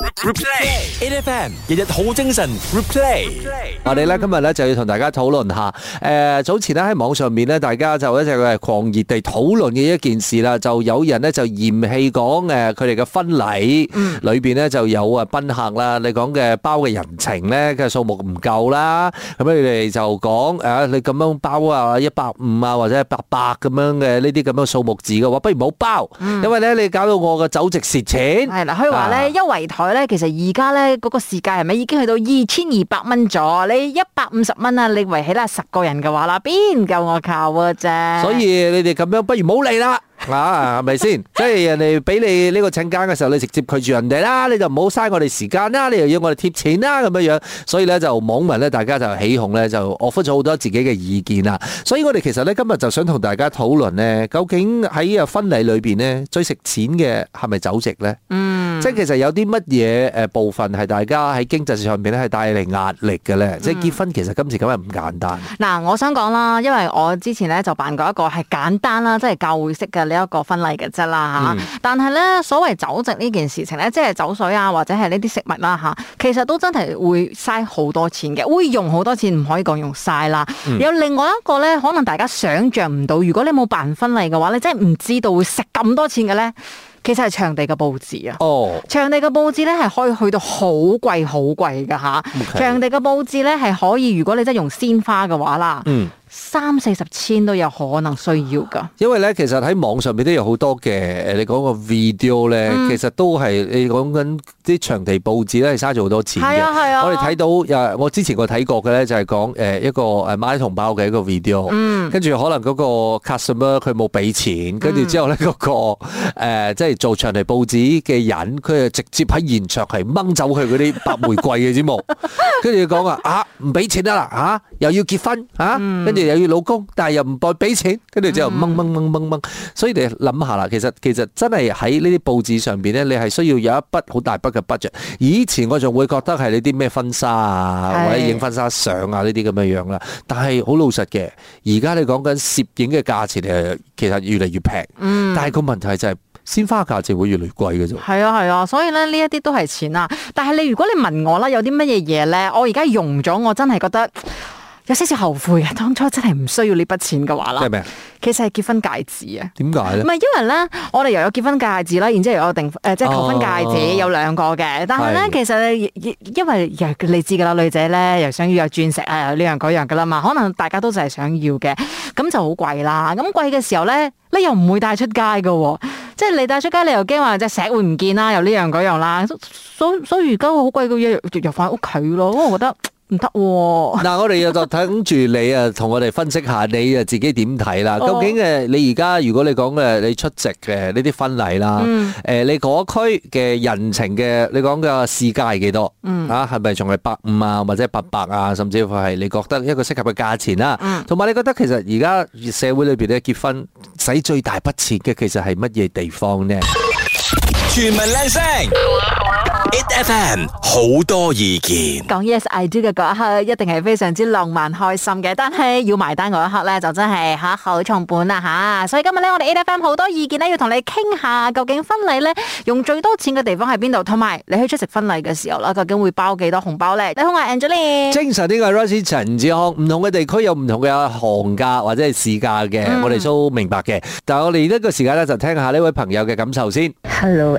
Replay，AiFM 日日好精神。Replay，我哋咧今日咧就要同大家討論下，誒早前咧喺網上面咧，大家就一直誒狂熱地討論嘅一件事啦。就有人咧就嫌棄講誒佢哋嘅婚禮，嗯，裏邊咧就有啊賓客啦，你講嘅包嘅人情咧嘅數目唔夠啦，咁咧佢哋就講誒你咁樣包啊一百五啊或者一百八咁樣嘅呢啲咁樣數目字嘅話，不如冇包，因為咧你搞到我嘅酒席蝕錢。係啦，可以話咧一圍台。咧，其實而家咧嗰個市價係咪已經去到二千二百蚊咗？你一百五十蚊啊，你圍起啦十個人嘅話啦，邊夠我靠啊？啫！所以你哋咁樣不如唔好嚟啦，啊，係咪先？即係人哋俾你呢個請柬嘅時候，你直接拒絕人哋啦，你就唔好嘥我哋時間啦，你又要我哋貼錢啦咁樣樣。所以咧就網民咧，大家就起鬨咧，就惡番咗好多自己嘅意見啦。所以我哋其實咧今日就想同大家討論咧，究竟喺呢個婚禮裏邊咧最食錢嘅係咪酒席咧？嗯。即其實有啲乜嘢誒部分係大家喺經濟上面咧係帶嚟壓力嘅咧、嗯？即係結婚其實今時今日唔簡單、嗯。嗱，我想講啦，因為我之前咧就辦過一個係簡單啦，即、就、係、是、教會式嘅呢一個婚禮嘅啫啦嚇。但係咧，所謂酒席呢件事情咧，即係酒水啊，或者係呢啲食物啦、啊、嚇，其實都真係會嘥好多錢嘅，會用好多錢，唔可以講用晒啦、嗯。有另外一個咧，可能大家想像唔到，如果你冇辦婚禮嘅話，你真係唔知道會食咁多錢嘅咧。其實係場地嘅佈置啊，場地嘅佈置咧係可以去到好貴好貴㗎嚇，Okay. 場地嘅佈置咧係可以，如果你真係用鮮花嘅話啦。嗯三四十千都有可能需要噶，因為咧其實喺網上面都有好多嘅，誒你講個 video 咧，嗯，其實都係你講緊啲長期報紙咧，係嘥咗好多錢嘅。係啊，啊我哋睇到，誒我之前我睇過嘅咧，就係講誒一個誒馬來同胞嘅一個 video，跟，嗯，住可能嗰個 customer 佢冇俾錢，跟住之後咧嗰，嗯那個誒，呃，即係做長期報紙嘅人，佢係直接喺現場係掹走佢嗰啲白玫瑰嘅節目，跟住講話啊唔俾錢啊啦吓，又要結婚吓，跟，啊，住。嗯又要老公，但係又唔代俾錢，跟住之後掹掹掹掹，所以你諗下啦。其實其實真係喺呢啲布置上邊咧，你係需要有一筆好大筆嘅 budget。以前我仲會覺得係你啲咩婚紗啊，或者影婚紗相啊呢啲咁嘅樣啦。但係好老實嘅，而家你講緊攝影嘅價錢誒，其實越嚟越平、嗯。但係個問題就係、是、鮮花價錢會越嚟越貴嘅啫。係啊係啊，所以咧呢一啲都係錢啊。但係你如果你問我啦，有啲乜嘢嘢咧，我而家用咗，我真係覺得。有少少後悔啊，當初真係唔需要呢筆錢嘅話啦。係咩啊？其實係結婚戒指啊。點解咧？唔係因為咧，我哋又有結婚戒指啦，然之後又有訂誒，即、呃、係、即係、求婚戒指、哦、有兩個嘅。但係咧，其實因為你知噶啦，女仔咧又想要有鑽石啊，又呢、呃、樣嗰樣噶啦嘛。可能大家都就係想要嘅，咁就好貴啦。咁貴嘅時候咧，你又唔會帶出街噶，即係你帶出街，你又驚話即係石會唔見啦，又呢樣嗰樣啦。所以所以而家好貴嘅嘢，又返喺屋企咯，因為我覺得。唔得嗱，我哋又就等住你啊，同我哋分析下你啊自己點睇啦。究竟誒，你而家如果你講嘅你出席嘅呢啲婚禮啦，誒、嗯呃，你嗰區嘅人情嘅你講嘅市價係幾多？嗯、啊，係咪仲係百五啊，或者八百啊，甚至乎係你覺得一個適合嘅價錢啦？同、嗯、埋你覺得其實而家社會裏邊咧結婚使最大筆錢嘅其實係乜嘢地方呢？全民靚聲，8FM 好多意見。講 yes I do 嘅嗰一刻，一定係非常之浪漫開心嘅。但係要埋單嗰一刻咧，就真係吓好重本啦、啊、吓。所以今日咧，我哋 8FM 好多意見咧，要同你傾下，究竟婚禮咧用最多錢嘅地方喺邊度？同埋你去出席婚禮嘅時候咧，究竟會包幾多紅包咧？你好啊，Angelina。精神呢個 r o s e 陳志康，唔同嘅地區有唔同嘅行價或者係市價嘅、嗯，我哋都明白嘅。但係我哋呢個時間咧，就聽下呢位朋友嘅感受先。Hello。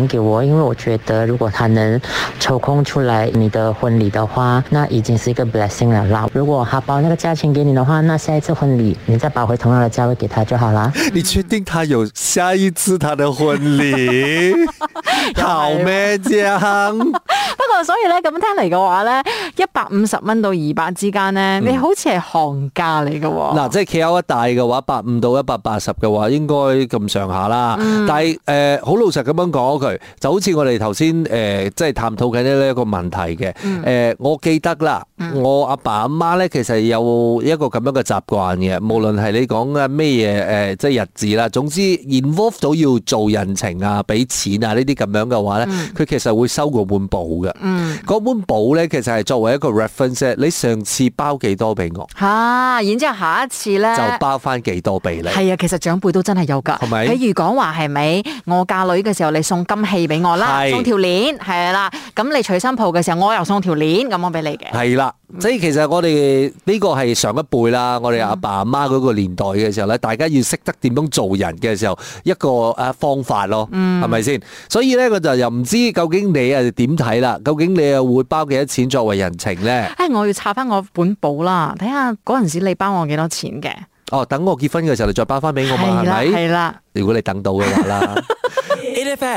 給我，因為我覺得如果他能抽空出來你的婚禮的話，那已經是一個 blessing 了啦。如果他包那個價錢給你的話，那下一次婚禮你再包回同樣的價位給他就好啦。嗯、你確定他有下一次他的婚禮？ 好 man 嗎 不過所以咧，咁聽嚟嘅話咧。一百五十蚊到二百之間咧，你好似係行價嚟㗎。嗱、嗯，即係 KL 一帶嘅話，百五到一百八十嘅話，應該咁上下啦。但係誒，好、呃、老實咁樣講佢，就好似我哋頭先誒，即、呃、係探討緊呢一個問題嘅。誒、呃，我記得啦。我阿爸阿媽咧，其實有一個咁樣嘅習慣嘅，無論係你講嘅咩嘢，誒、呃，即係日子啦，總之 involve 到要做人情啊、俾錢啊呢啲咁樣嘅話咧，佢、嗯、其實會收個本簿嘅。嗰、嗯、本簿咧，其實係作為一個 reference。你上次包幾多俾我？吓、啊，然之後下一次咧就包翻幾多俾你？係啊，其實長輩都真係有㗎，係咪？譬如講話係咪我嫁女嘅時候，你送金器俾我啦，送條鏈係啦。咁、啊、你娶新抱嘅時候，我又送條鏈咁我俾你嘅。係啦、啊。所以其實我哋呢個係上一輩啦，我哋阿爸阿媽嗰個年代嘅時候咧，大家要識得點樣做人嘅時候，一個誒方法咯，係咪先？所以咧，我就又唔知究竟你係點睇啦？究竟你又會包幾多錢作為人情咧？誒、哎，我要查翻我本簿啦，睇下嗰陣時你包我幾多錢嘅。哦，等我結婚嘅時候你再包翻俾我嘛，係咪？係啦，如果你等到嘅話啦。 e A. F. N. A. F.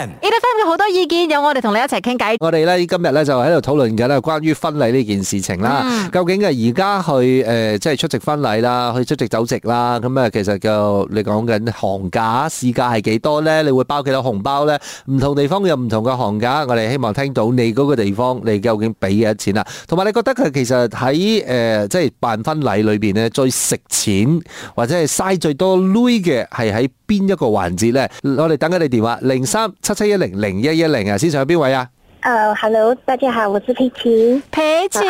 N. 嘅好多意見，有我哋同你一齊傾偈。我哋咧今日咧就喺度討論緊咧關於婚禮呢件事情啦。究竟係而家去誒，即係出席婚禮啦，去出席酒席啦。咁啊，其實就你講緊行價市價係幾多咧？你會包幾多紅包咧？唔同地方有唔同嘅行價。我哋希望聽到你嗰個地方，你究竟俾幾多錢啦，同埋你覺得佢其實喺誒，即係辦婚禮裏邊咧最食錢或者係嘥最多鐳嘅係喺邊一個環節咧？我哋等緊你電話。零三七七一零零一一零啊，先生有邊位啊？誒，Hello，大家好，我是佩奇，佩奇，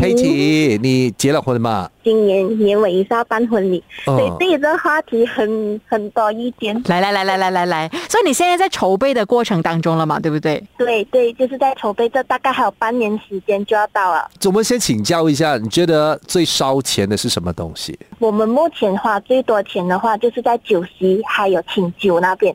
佩奇，你結了婚嘛？今年年尾一要辦婚禮，oh. 所以呢個話題很很多意見。來來來來來來來，所以你現在在籌備的過程當中了嘛？對不對？對對，就是在籌備，這大概還有半年時間就要到了。我們先請教一下，你覺得最燒錢的是什麼東西？我們目前花最多錢的話，就是在酒席還有請酒那邊。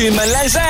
全民靚聲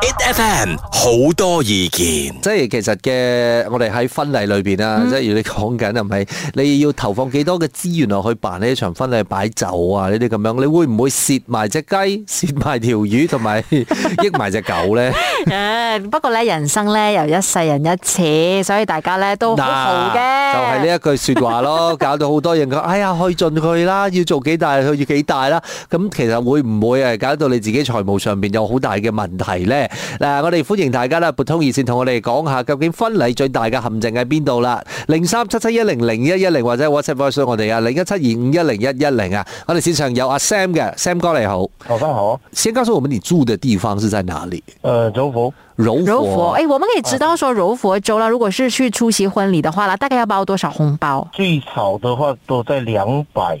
，it FM 好多意見，即係其實嘅，我哋喺婚禮裏邊啊，即係如果你講緊係咪你要投放幾多嘅資源落去辦呢一場婚禮擺酒啊，呢啲咁樣，你會唔會蝕埋隻雞、蝕埋條魚同埋益埋隻狗咧？誒，不過咧，人生咧由一世人一次，所以大家咧都好豪嘅，就係呢一句說話咯，搞到好多人講，哎呀去盡去啦，要做幾大去要幾大啦，咁其實會唔會啊？搞到你自己財財務上面有好大嘅問題咧，嗱、啊，我哋歡迎大家啦，撥通熱線同我哋講下究竟婚禮最大嘅陷阱喺邊度啦，零三七七一零零一一零或者 WhatsApp 我哋啊，零一七二五一零一一零啊，我哋線上有阿、啊、Sam 嘅、啊、，Sam 哥你好，啊好啊、我好先告訴我，所以你住嘅地方是在哪裡？誒、呃，柔佛，柔佛，誒，我們可以知道說柔佛州啦，如果是去出席婚禮嘅話啦，大概要包多少紅包？最少的話都在兩百。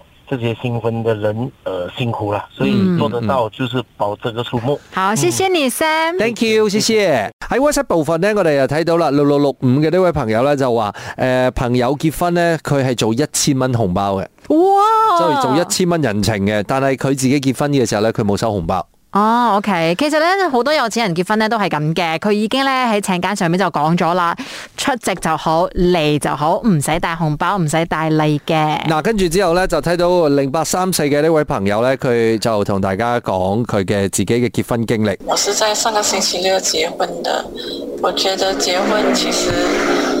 這些新婚的人，呃，辛苦啦，所以做得到就是保證這個數目。嗯嗯。好，謝謝你，Sam。嗯。Thank you，謝謝。喺 WhatsApp 部分呢，我哋又睇到啦，六六六五嘅呢位朋友呢就說，就話，誒，朋友結婚呢，佢係做一千蚊紅包嘅，哇，即、就、係、是、做一千蚊人情嘅，但係佢自己結婚嘅時候呢，佢冇收紅包。哦、oh，OK，其實咧好多有錢人結婚咧都係咁嘅，佢已經咧喺請柬上面就講咗啦，出席就好，嚟就好，唔使帶紅包，唔使帶禮嘅。嗱、啊，跟住之後咧就睇到零八三四嘅呢位朋友咧，佢就同大家講佢嘅自己嘅結婚經歷。我是在上個星期六結婚的，我覺得結婚其實。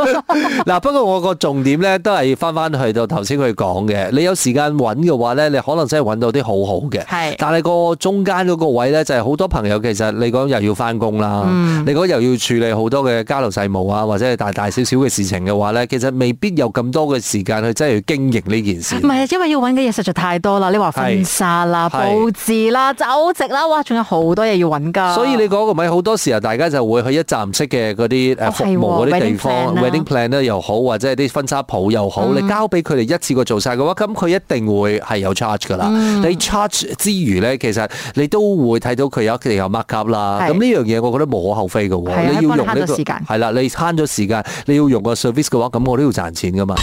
嗱， 不過我個重點咧，都係翻翻去到頭先佢講嘅。你有時間揾嘅話咧，你可能真係揾到啲好好嘅。但係個中間嗰個位咧，就係、是、好多朋友其實你講又要翻工啦，嗯、你講又要處理好多嘅家勞細務啊，或者係大大小小嘅事情嘅話咧，其實未必有咁多嘅時間去真係經營呢件事。唔係，因為要揾嘅嘢實在太多啦。你話婚紗啦、佈置啦、走席啦，哇，仲有好多嘢要揾㗎。所以你講個咪好多時候，大家就會去一站式嘅嗰啲誒服務嗰啲地方。plan 咧又好，或者係啲婚紗鋪又好，你交俾佢哋一次過做晒嘅話，咁佢一定會係有 charge 噶啦。你 charge 之餘咧，其實你都會睇到佢有佢有 mark up 啦。咁呢樣嘢，我覺得無可厚非嘅喎。你要用呢個，係啦，你慳咗時間，你要用個 service 嘅話，咁我都要賺錢噶嘛。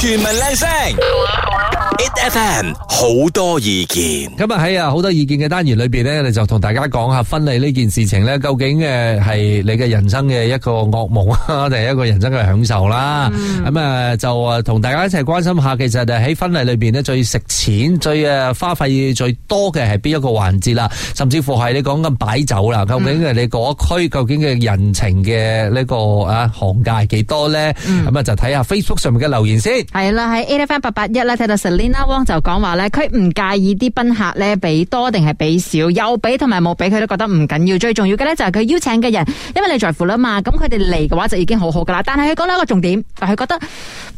全民靚聲8 F M 好多意見，咁啊喺啊好多意見嘅單元裏邊咧，我哋就同大家講下婚禮呢件事情咧，究竟誒係你嘅人生嘅一個噩夢啊，定係一個人生嘅享受啦？咁啊就啊同大家一齊關心下，其實誒喺婚禮裏邊咧，最食錢最啊花費最多嘅係邊一個環節啦？甚至乎係你講緊擺酒啦，究竟誒你嗰區究竟嘅人情嘅呢個啊行價係幾多咧？咁啊就睇下 Facebook 上面嘅留言先。係啦，喺8 F M 八八一啦，睇到 Selina。阿汪就講話咧，佢唔介意啲賓客咧俾多定係俾少，又有俾同埋冇俾，佢都覺得唔緊要。最重要嘅咧就係佢邀請嘅人，因為你在乎啦嘛。咁佢哋嚟嘅話就已經好好噶啦。但係佢講到一個重點，就係覺得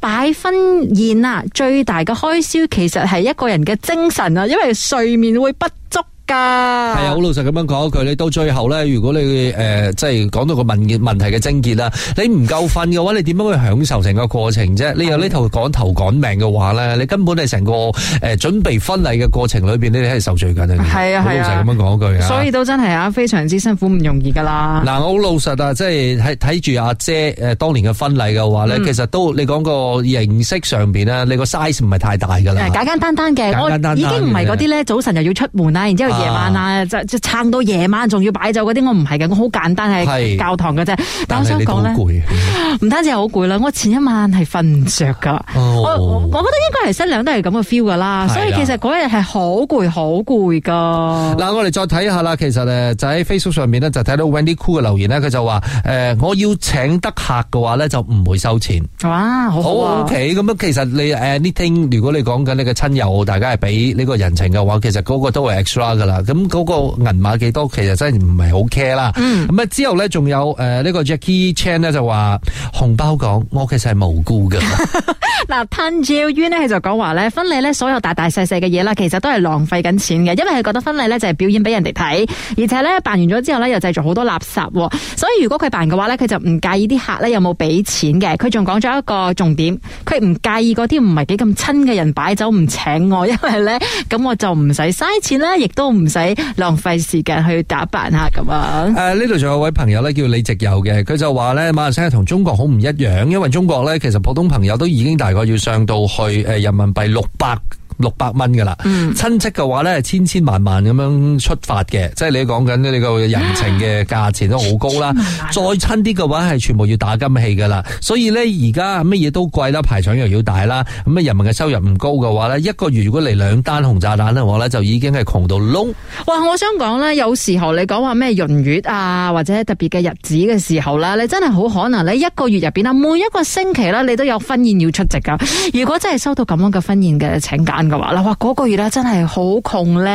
擺婚宴啊，最大嘅開銷其實係一個人嘅精神啊，因為睡眠會不足。噶係啊，好老實咁樣講一句，你到最後咧，如果你誒即係講到個問問題嘅症結啦，你唔夠瞓嘅話，你點樣去享受成個過程啫？你有呢頭趕頭趕命嘅話咧，你根本係成個誒準備婚禮嘅過程裏邊，你係受罪緊啊！係啊，好老實咁樣講一句啊！所以都真係啊，非常之辛苦，唔容易噶啦。嗱，我好老實啊，即係睇睇住阿姐誒當年嘅婚禮嘅話咧，其實都你講個形式上邊咧，你個 size 唔係太大噶啦，簡簡單單嘅，我已經唔係嗰啲咧，早晨又要出門啊，然之後。夜晚啊，就，就撐到夜晚，仲要擺酒嗰啲，我唔係嘅，我好簡單係教堂嘅啫。但我想講呢，你好攰，唔單止係好攰啦，我前一晚係瞓唔着噶。Oh, 我我覺得應該係新娘都係咁嘅 feel 噶啦。所以其實嗰日係好攰，好攰噶。嗱，我哋再睇下啦。其實誒就喺 Facebook 上面咧，就睇到 Wendy Cool 嘅留言咧，佢就話誒、呃、我要請得客嘅話咧，就唔會收錢。哇，好，好、oh, OK。咁其實你誒呢聽，anything, 如果你講緊你嘅親友，大家係俾呢個人情嘅話，其實嗰個都係 extra 嘅。咁、那、嗰個銀碼幾多，其實真係唔係好 care 啦。咁、嗯、啊之後咧，仲有誒呢個 Jackie Chan 咧就話紅包講，我其實係無辜噶。 嗱，潘照淵呢，佢就講話咧婚禮咧，所有大大細細嘅嘢啦，其實都係浪費緊錢嘅，因為佢覺得婚禮咧就係表演俾人哋睇，而且咧辦完咗之後咧又製造好多垃圾喎。所以如果佢辦嘅話咧，佢就唔介意啲客咧有冇俾錢嘅。佢仲講咗一個重點，佢唔介意嗰啲唔係幾咁親嘅人擺酒唔請我，因為咧咁我就唔使嘥錢啦，亦都唔使浪費時間去打扮嚇咁樣。誒、啊，呢度仲有位朋友咧叫李直友嘅，佢就話咧馬來西亞同中國好唔一樣，因為中國咧其實普通朋友都已經大。如果要上到去，誒，人民幣六百。六百蚊噶啦，親、嗯、戚嘅話呢，千千萬萬咁樣出發嘅，即係你講緊你個人情嘅價錢都好高啦、啊。再親啲嘅話係全部要打金器噶啦，所以呢，而家乜嘢都貴啦，排場又要大啦，咁啊人民嘅收入唔高嘅話呢，一個月如果嚟兩單紅炸彈嘅話呢，就已經係窮到窿。哇！我想講呢，有時候你講話咩閏月啊，或者特別嘅日子嘅時候啦，你真係好可能你一個月入邊啦，每一個星期啦，你都有婚宴要出席噶。如果真係收到咁樣嘅婚宴嘅請柬。話嗱，話嗰個月，咧真係好窮咧，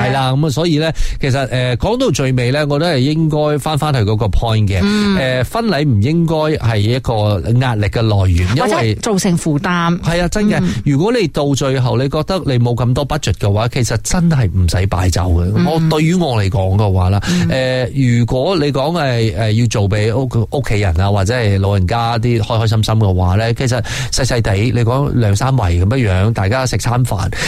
係啦，咁啊，所以咧，其實誒講到最尾咧，我都係應該翻翻去嗰個 point 嘅，誒，婚禮唔應該係一個壓力嘅來源，或者造成負擔，係啊，真嘅。如果你到最後你覺得你冇咁多 budget 嘅話，其實真係唔使擺酒嘅。我對於我嚟講嘅話啦，誒，如果你講係誒要做俾屋屋企人啊，或者係老人家啲開開心心嘅話咧，其實細細哋你講兩三圍咁樣，大家食餐。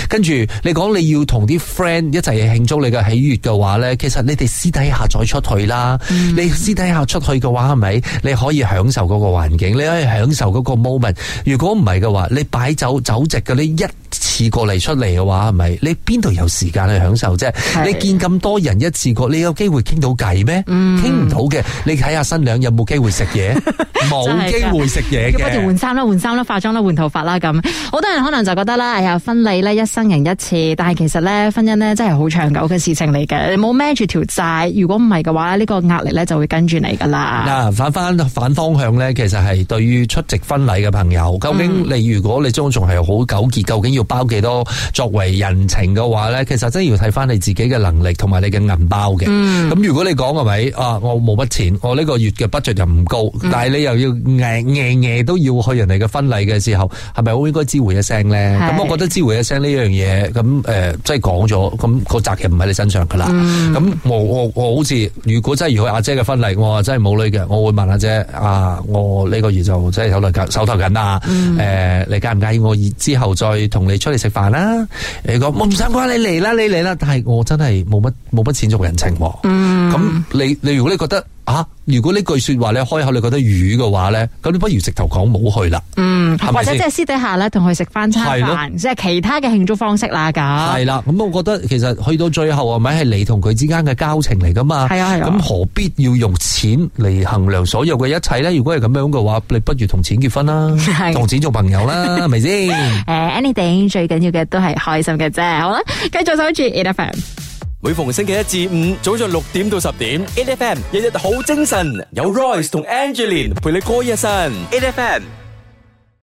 跟住，你講你要同啲 friend 一齊去慶祝你嘅喜悅嘅話呢，其實你哋私底下再出去啦、嗯。你私底下出去嘅話係咪？你可以享受嗰個環境，你可以享受嗰個 moment。如果唔係嘅話，你擺酒酒席嘅呢。一次過嚟出嚟嘅話係咪？你邊度有時間去享受啫？你見咁多人一次過，你有機會傾到偈咩？傾、嗯、唔到嘅，你睇下新娘有冇機會食嘢，冇 機會食嘢嘅。不如換衫啦，換衫啦，化妝啦，換頭髮啦，咁好多人可能就覺得啦，哎呀婚禮咧一生人一次，但係其實咧婚姻咧真係好長久嘅事情嚟嘅，你冇孭住條債，如果唔係嘅話，呢、這個壓力咧就會跟住你噶啦。嗱反翻反,反方向咧，其實係對於出席婚禮嘅朋友，究竟你、嗯、如果你終仲係好糾結，究竟要？包幾多作為人情嘅話咧，其實真係要睇翻你自己嘅能力同埋你嘅銀包嘅。咁、嗯、如果你講係咪啊，我冇乜錢，我呢個月嘅 budget 又唔高，嗯、但係你又要夜夜夜都要去人哋嘅婚禮嘅時候，係咪我應該知會一聲咧？咁、嗯、我覺得知會一聲呢樣嘢，咁誒、呃，即係講咗，咁個責任唔喺你身上噶啦。咁、嗯、我我我好似如果真係如去阿姐嘅婚禮，我真係冇女嘅，我會問阿姐啊，我呢個月就真係手頭緊啊。嗯，誒、呃，你介唔介意我之後再同。你出嚟食飯啦！你講我唔想關你嚟啦，你嚟啦，但係我真係冇乜冇乜錢做人情。嗯，咁你你如果你覺得。啊、如果呢句說話咧開口你覺得淤嘅話咧,咁你不如直頭講冇去啦。嗯，是或者即係私底下咧同佢食翻餐飯，即係其他嘅慶祝方式啦。咁係啦，咁我覺得其實去到最後啊，咪係你同佢之間嘅交情嚟噶嘛。係啊係啊。咁何必要用錢嚟衡量所有嘅一切咧？如果係咁樣嘅話，你不如同錢結婚啦，同錢做，做朋友啦，係咪先？誒、uh，anything 最緊要嘅都係開心嘅啫。好啦，繼續收住。E 每逢星期一至五，早上六點到十點，A F M 日日好精神，有 Royce 同 Angeline 陪你歌一身，A F M。